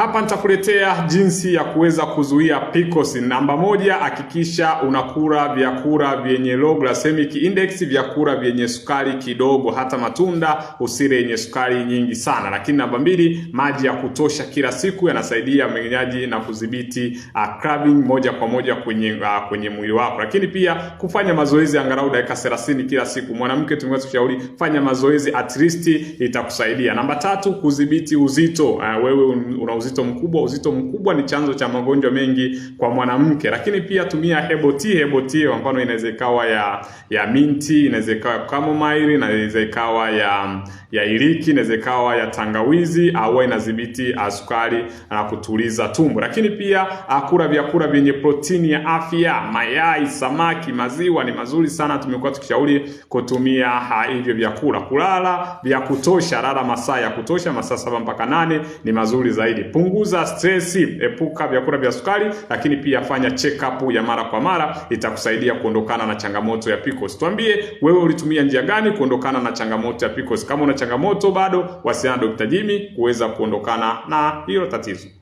Hapa nitakuletea jinsi ya kuweza kuzuia PCOS. Namba moja, hakikisha unakula vyakula vyenye low glycemic index, vyakula vyenye sukari kidogo, hata matunda usile yenye sukari nyingi sana. Lakini namba mbili, maji ya kutosha kila siku yanasaidia mmeng'enyaji na kudhibiti uh, craving moja kwa moja kwenye uh, kwenye mwili wako. Lakini pia kufanya mazoezi angalau dakika 30 kila siku. Mwanamke tumeweza kushauri fanya mazoezi at least, itakusaidia. Namba tatu, kudhibiti uzito. Uh, wewe una uzito uzito mkubwa. Uzito mkubwa ni chanzo cha magonjwa mengi kwa mwanamke, lakini pia tumia herbal tea. Herbal tea kwa mfano inaweza ikawa ya ya minti, inaweza ikawa ya chamomile, inaweza ikawa ya ya iliki, inaweza ikawa ya tangawizi, au inadhibiti ah, sukari na kutuliza tumbo. Lakini pia akula ah, vyakula vyenye protini ya afya, mayai, samaki, maziwa ni mazuri sana. Tumekuwa tukishauri kutumia hivyo vyakula. Kulala vya kutosha, lala masaa ya kutosha, masaa saba mpaka nane ni mazuri zaidi punguza stresi, epuka vyakula vya sukari, lakini pia fanya check up ya mara kwa mara, itakusaidia kuondokana na changamoto ya PCOS. Tuambie wewe ulitumia njia gani kuondokana na changamoto ya PCOS? Kama una changamoto bado, wasiliana na Dr. Jimmy kuweza kuondokana na hilo tatizo.